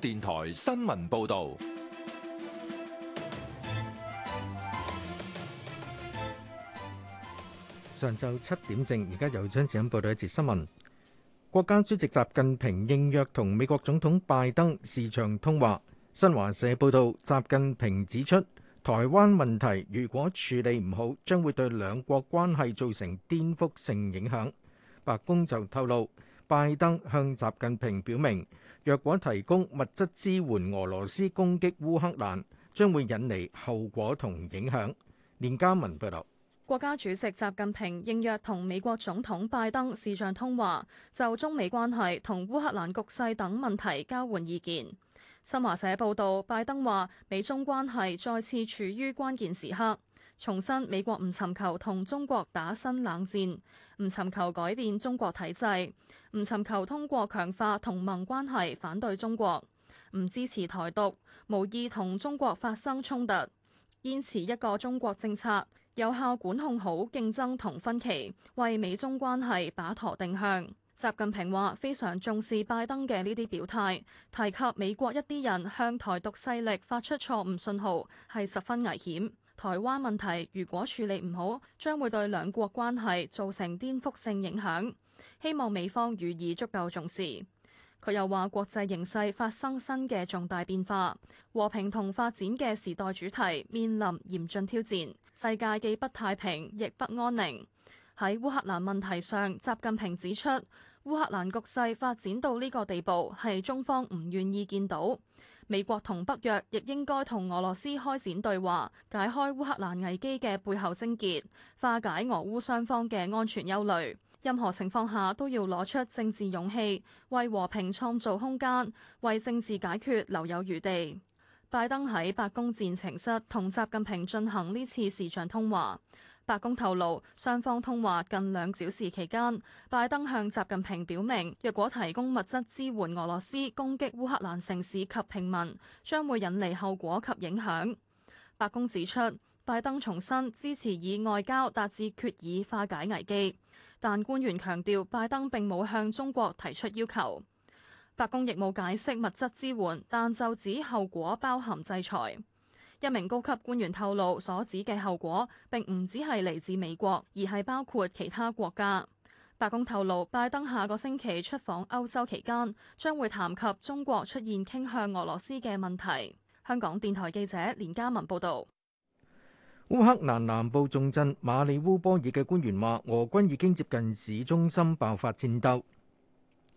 電台新聞報道：上晝七點正，而家有張志恩報道一節新聞。國家主席習近平應約同美國總統拜登視像通話。新華社報道，習近平指出，台灣問題如果處理唔好，將會對兩國關係造成顛覆性影響。白宮就透露。拜登向習近平表明，若果提供物質支援俄羅斯攻擊烏克蘭，將會引嚟後果同影響。連家文報道，國家主席習近平應約同美國總統拜登視像通話，就中美關係同烏克蘭局勢等問題交換意見。新華社報道，拜登話美中關係再次處於關鍵時刻。重申，美國唔尋求同中國打新冷戰，唔尋求改變中國體制，唔尋求通過強化同盟關係反對中國，唔支持台獨，無意同中國發生衝突，堅持一個中國政策，有效管控好競爭同分歧，為美中關係把舵定向。習近平話：非常重視拜登嘅呢啲表態，提及美國一啲人向台獨勢力發出錯誤信號，係十分危險。台灣問題如果處理唔好，將會對兩國關係造成顛覆性影響。希望美方予以足夠重視。佢又話：國際形勢發生新嘅重大變化，和平同發展嘅時代主題面臨嚴峻挑戰，世界既不太平，亦不安寧。喺烏克蘭問題上，習近平指出，烏克蘭局勢發展到呢個地步，係中方唔願意見到。美國同北約亦應該同俄羅斯開展對話，解開烏克蘭危機嘅背後症結，化解俄烏雙方嘅安全憂慮。任何情況下都要攞出政治勇氣，為和平創造空間，為政治解決留有餘地。拜登喺白宮戰情室同習近平進行呢次視像通話。白宮透露，雙方通話近兩小時期間，拜登向習近平表明，若果提供物質支援俄羅斯攻擊烏克蘭城市及平民，將會引嚟後果及影響。白宮指出，拜登重申支持以外交達至決議化解危機，但官員強調拜登並冇向中國提出要求。白宮亦冇解釋物質支援，但就指後果包含制裁。一名高級官員透露，所指嘅後果並唔只係嚟自美國，而係包括其他國家。白宮透露，拜登下個星期出訪歐洲期間，將會談及中國出現傾向俄羅斯嘅問題。香港電台記者連嘉文報導。烏克蘭南部重鎮馬里烏波爾嘅官員話，俄軍已經接近市中心，爆發戰鬥。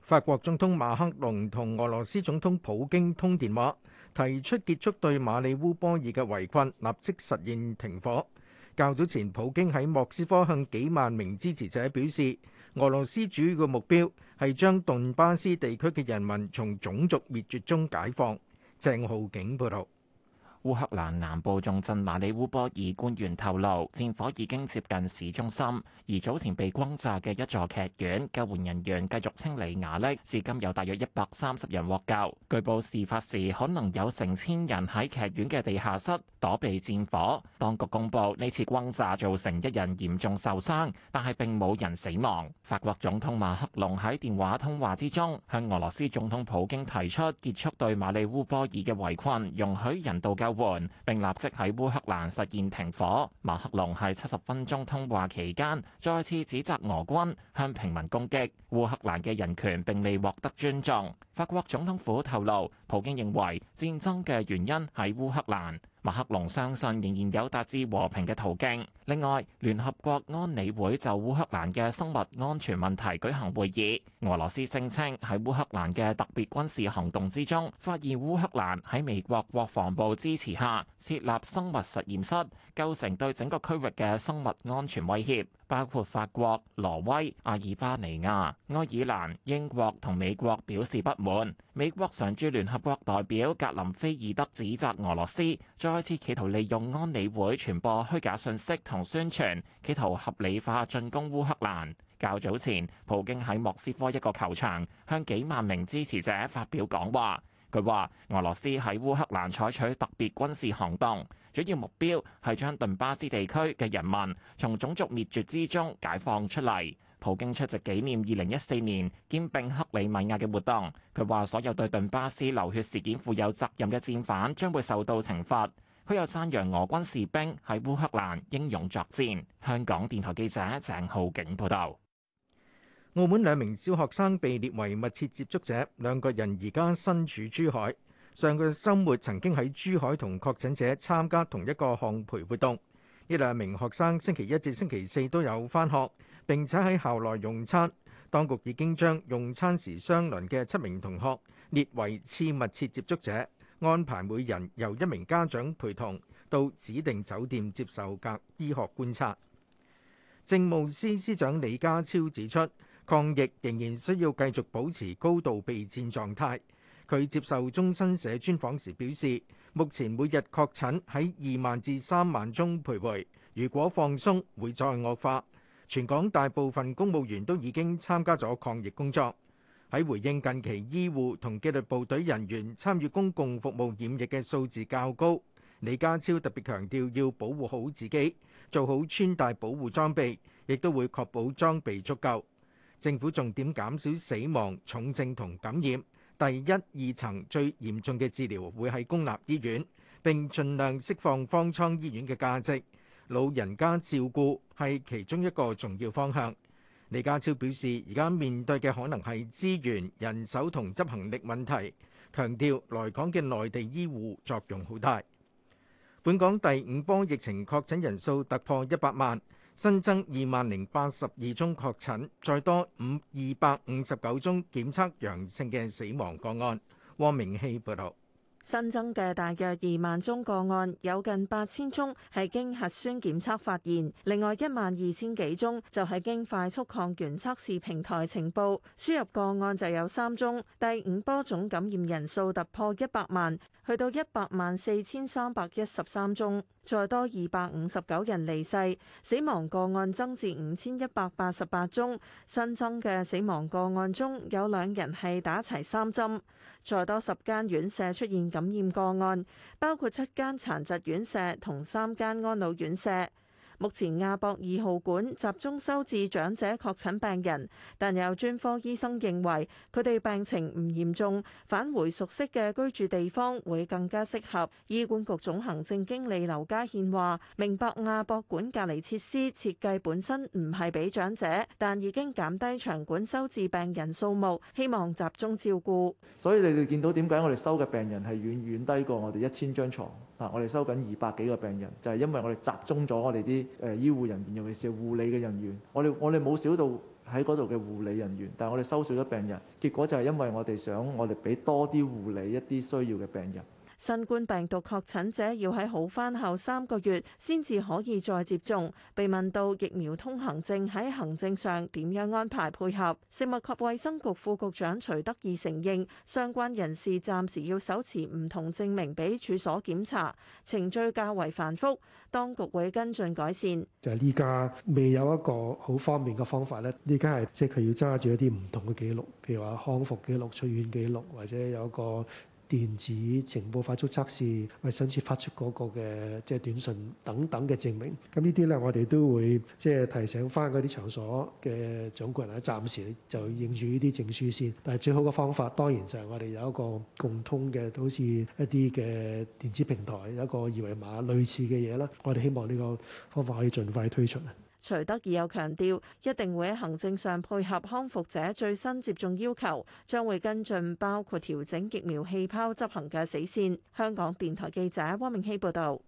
法國總統馬克龍同俄羅斯總統普京通電話。提出結束對馬里烏波爾嘅圍困，立即實現停火。較早前，普京喺莫斯科向幾萬名支持者表示，俄羅斯主要嘅目標係將頓巴斯地區嘅人民從種族滅絕中解放。鄭浩景報道。烏克蘭南部重鎮馬里烏波爾官員透露，戰火已經接近市中心，而早前被轟炸嘅一座劇院，救援人員繼續清理瓦礫，至今有大約一百三十人獲救。據報事發時可能有成千人喺劇院嘅地下室躲避戰火。當局公佈呢次轟炸造成一人嚴重受傷，但係並冇人死亡。法國總統馬克龍喺電話通話之中，向俄羅斯總統普京提出結束對馬里烏波爾嘅圍困，容許人道救。緩，並立即喺烏克蘭實現停火。馬克龍喺七十分鐘通話期間，再次指責俄軍向平民攻擊，烏克蘭嘅人權並未獲得尊重。法國總統府透露，普京認為戰爭嘅原因喺烏克蘭。馬克龍相信仍然有達至和平嘅途徑，另外，聯合國安理會就烏克蘭嘅生物安全問題舉行會議，俄羅斯聲稱喺烏克蘭嘅特別軍事行動之中，發現烏克蘭喺美國國防部支持下設立生物實驗室，構成對整個區域嘅生物安全威脅。包括法國、挪威、阿爾巴尼亞、愛爾蘭、英國同美國表示不滿。美國常駐聯合國代表格林菲爾德指責俄羅斯再次企圖利用安理會傳播虛假信息同宣傳，企圖合理化進攻烏克蘭。較早前，普京喺莫斯科一個球場向幾萬名支持者發表講話，佢話：俄羅斯喺烏克蘭採取特別軍事行動。主要目標係將頓巴斯地區嘅人民從種族滅絕之中解放出嚟。普京出席紀念二零一四年兼併克里米亞嘅活動，佢話所有對頓巴斯流血事件負有責任嘅戰犯將會受到懲罰。佢又讚揚俄軍士兵喺烏克蘭英勇作戰。香港電台記者鄭浩景報道。澳門兩名小學生被列為密切接觸者，兩個人而家身處珠海。上個週末曾經喺珠海同確診者參加同一個烘焙活動，呢兩名學生星期一至星期四都有返學，並且喺校內用餐。當局已經將用餐時相鄰嘅七名同學列為次密切接觸者，安排每人由一名家長陪同到指定酒店接受隔醫學觀察。政務司司長李家超指出，抗疫仍然需要繼續保持高度備戰狀態。佢接受中新社專訪時表示，目前每日確診喺二萬至三萬宗徘徊。如果放鬆會再惡化。全港大部分公務員都已經參加咗抗疫工作。喺回應近期醫護同紀律部隊人員參與公共服務染疫嘅數字較高，李家超特別強調要保護好自己，做好穿戴保護裝備，亦都會確保裝備足夠，政府重點減少死亡、重症同感染。第一、二層最嚴重嘅治療會喺公立醫院，並盡量釋放方艙醫院嘅價值。老人家照顧係其中一個重要方向。李家超表示，而家面對嘅可能係資源、人手同執行力問題，強調來港嘅內地醫護作用好大。本港第五波疫情確診人數突破一百萬。新增二萬零八十二宗確診，再多五二百五十九宗檢測陽性嘅死亡個案。汪明熙報道，新增嘅大約二萬宗個案，有近八千宗係經核酸檢測發現，另外一萬二千幾宗就係經快速抗原測試平台呈報，輸入個案就有三宗。第五波總感染人數突破一百萬，去到一百萬四千三百一十三宗。再多二百五十九人離世，死亡個案增至五千一百八十八宗。新增嘅死亡個案中有兩人係打齊三針。再多十間院舍出現感染個案，包括七間殘疾院舍同三間安老院舍。目前亞博二號館集中收治長者確診病人，但有專科醫生認為佢哋病情唔嚴重，返回熟悉嘅居住地方會更加適合。醫管局總行政經理劉家憲話：明白亞博館隔離設施設計本身唔係俾長者，但已經減低場館收治病人數目，希望集中照顧。所以你哋見到點解我哋收嘅病人係遠遠低過我哋一千張床？嗱，我哋收緊二百幾個病人，就係因為我哋集中咗我哋啲誒醫護人員，尤其是護理嘅人員。我哋我哋冇少到喺嗰度嘅護理人員，但係我哋收少咗病人，結果就係因為我哋想我哋俾多啲護理一啲需要嘅病人。新冠病毒確診者要喺好翻後三個月先至可以再接種。被問到疫苗通行證喺行政上點樣安排配合，食物及衛生局副局長徐德義承認相關人士暫時要手持唔同證明俾處所檢查，程序較為繁複，當局會跟進改善。就係依家未有一個好方便嘅方法咧。依家係即係佢要揸住一啲唔同嘅記錄，譬如話康復記錄、出院記錄或者有一個。電子情報快速測試，或甚至發出嗰個嘅即係短信等等嘅證明。咁呢啲咧，我哋都會即係提醒返嗰啲場所嘅掌管人咧，暫時就認住呢啲證書先。但係最好嘅方法當然就係我哋有一個共通嘅，好似一啲嘅電子平台，有一個二維碼類似嘅嘢啦。我哋希望呢個方法可以盡快推出。徐德義又強調，一定會喺行政上配合康復者最新接種要求，將會跟進，包括調整疫苗氣泡執行嘅死線。香港電台記者汪明希報導。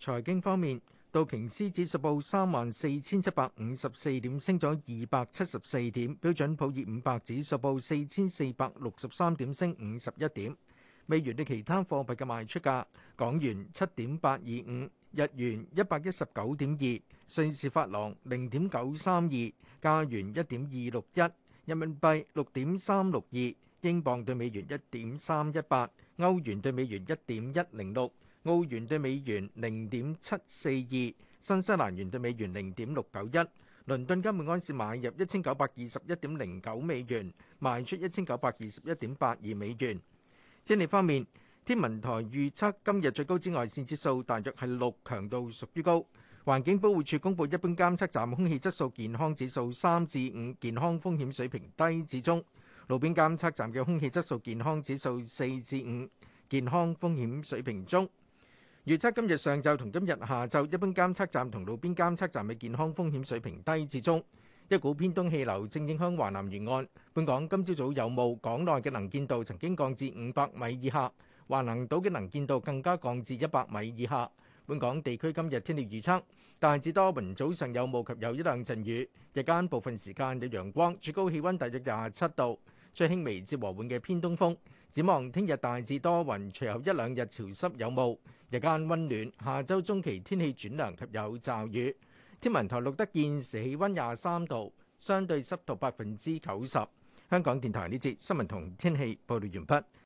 財經方面，道瓊斯指數報三萬四千七百五十四點，升咗二百七十四點；標準普爾五百指數報四千四百六十三點，升五十一點。美元對其他貨幣嘅賣出價，港元七點八二五。日元一百一十九點二，瑞士法郎零點九三二，加元一點二六一，人民幣六點三六二，英鎊對美元一點三一八，歐元對美元一點一零六，澳元對美元零點七四二，新西蘭元對美元零點六九一。倫敦金每盎司買入一千九百二十一點零九美元，賣出一千九百二十一點八二美元。精利方面。天文台預測今日最高紫外線指數大約係六，強度屬於高。環境保護署公布一般監測站空氣質素健康指數三至五，健康風險水平低至中。路邊監測站嘅空氣質素健康指數四至五，健康風險水平中。預測今日上晝同今日下晝一般監測站同路邊監測站嘅健康風險水平低至中。一股偏東氣流正影響華南沿岸，本港今朝早有霧，港內嘅能見度曾經降至五百米以下。橫瀾島嘅能見度更加降至一百米以下。本港地區今日天氣預測：大致多雲，早上有霧及有一兩陣雨，日間部分時間有陽光，最高氣温大約廿七度，吹輕微至和緩嘅偏東風。展望聽日大致多雲，隨後一兩日潮濕有霧，日間温暖。下周中期天氣轉涼及有驟雨。天文台錄得現時氣温廿三度，相對濕度百分之九十。香港電台呢節新聞同天氣報道完畢。